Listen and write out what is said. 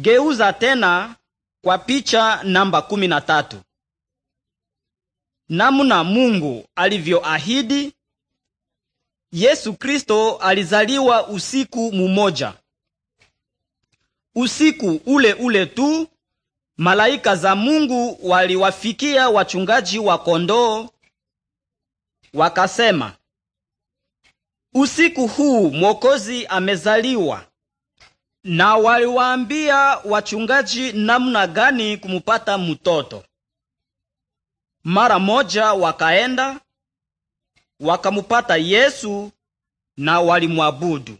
Geuza tena kwa picha namba kumi na tatu. Namna Mungu alivyoahidi, Yesu Kristo alizaliwa usiku mumoja. Usiku ule ule tu malaika za Mungu waliwafikia wachungaji wa kondoo, wakasema, usiku huu Mwokozi amezaliwa, na waliwaambia wachungaji namna gani kumupata mtoto. Mara moja wakaenda wakamupata Yesu na walimwabudu.